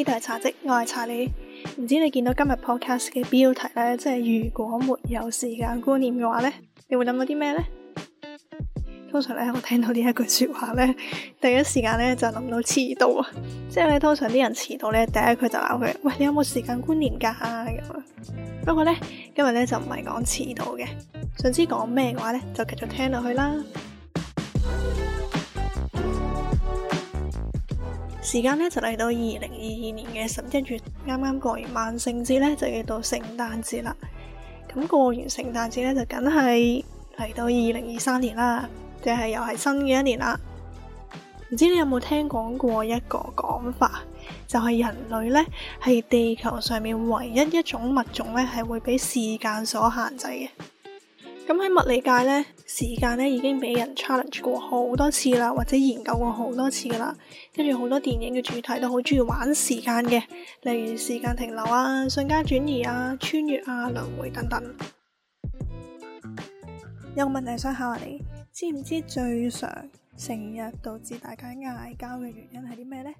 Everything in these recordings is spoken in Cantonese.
呢度係茶嘖，我係查理。唔知你見到今日 podcast 嘅標題咧，即係如果沒有時間觀念嘅話咧，你會諗到啲咩咧？通常咧，我聽到呢一句說話咧，第一時間咧就諗到遲到啊！即係咧，通常啲人遲到咧，第一句就鬧佢，喂，你有冇時間觀念噶咁啊樣，不過咧，今日咧就唔係講遲到嘅。想知講咩嘅話咧，就繼續聽落去啦。時間咧就嚟到二零二二年嘅十一月，啱啱過完萬聖節咧就要到聖誕節啦。咁過完聖誕節咧就梗係嚟到二零二三年啦，即係又係新嘅一年啦。唔知你有冇聽講過一個講法，就係人類咧係地球上面唯一一種物種咧係會俾時間所限制嘅。咁喺物理界呢，時間呢已經俾人 challenge 過好多次啦，或者研究過好多次噶啦。跟住，好多電影嘅主題都好中意玩時間嘅，例如時間停留啊、瞬間轉移啊、穿越啊、輪迴等等。有個問題想考下你，知唔知最常成日導致大家嗌交嘅原因係啲咩呢？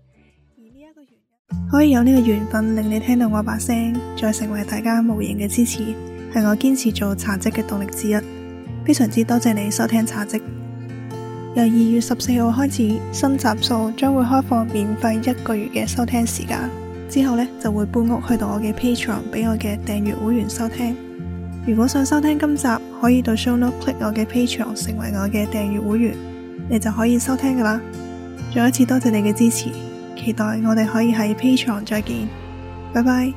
而呢一個原因可以有呢個緣分令你聽到我把聲，再成為大家無形嘅支持。係我堅持做茶嘖嘅動力之一，非常之多謝你收聽茶嘖。由二月十四號開始，新集數將會開放免費一個月嘅收聽時間，之後呢，就會搬屋去到我嘅 Patreon 俾我嘅訂閱會員收聽。如果想收聽今集，可以到 show note click 我嘅 Patreon 成為我嘅訂閱會員，你就可以收聽噶啦。再一次多謝你嘅支持，期待我哋可以喺 Patreon 再見，拜拜。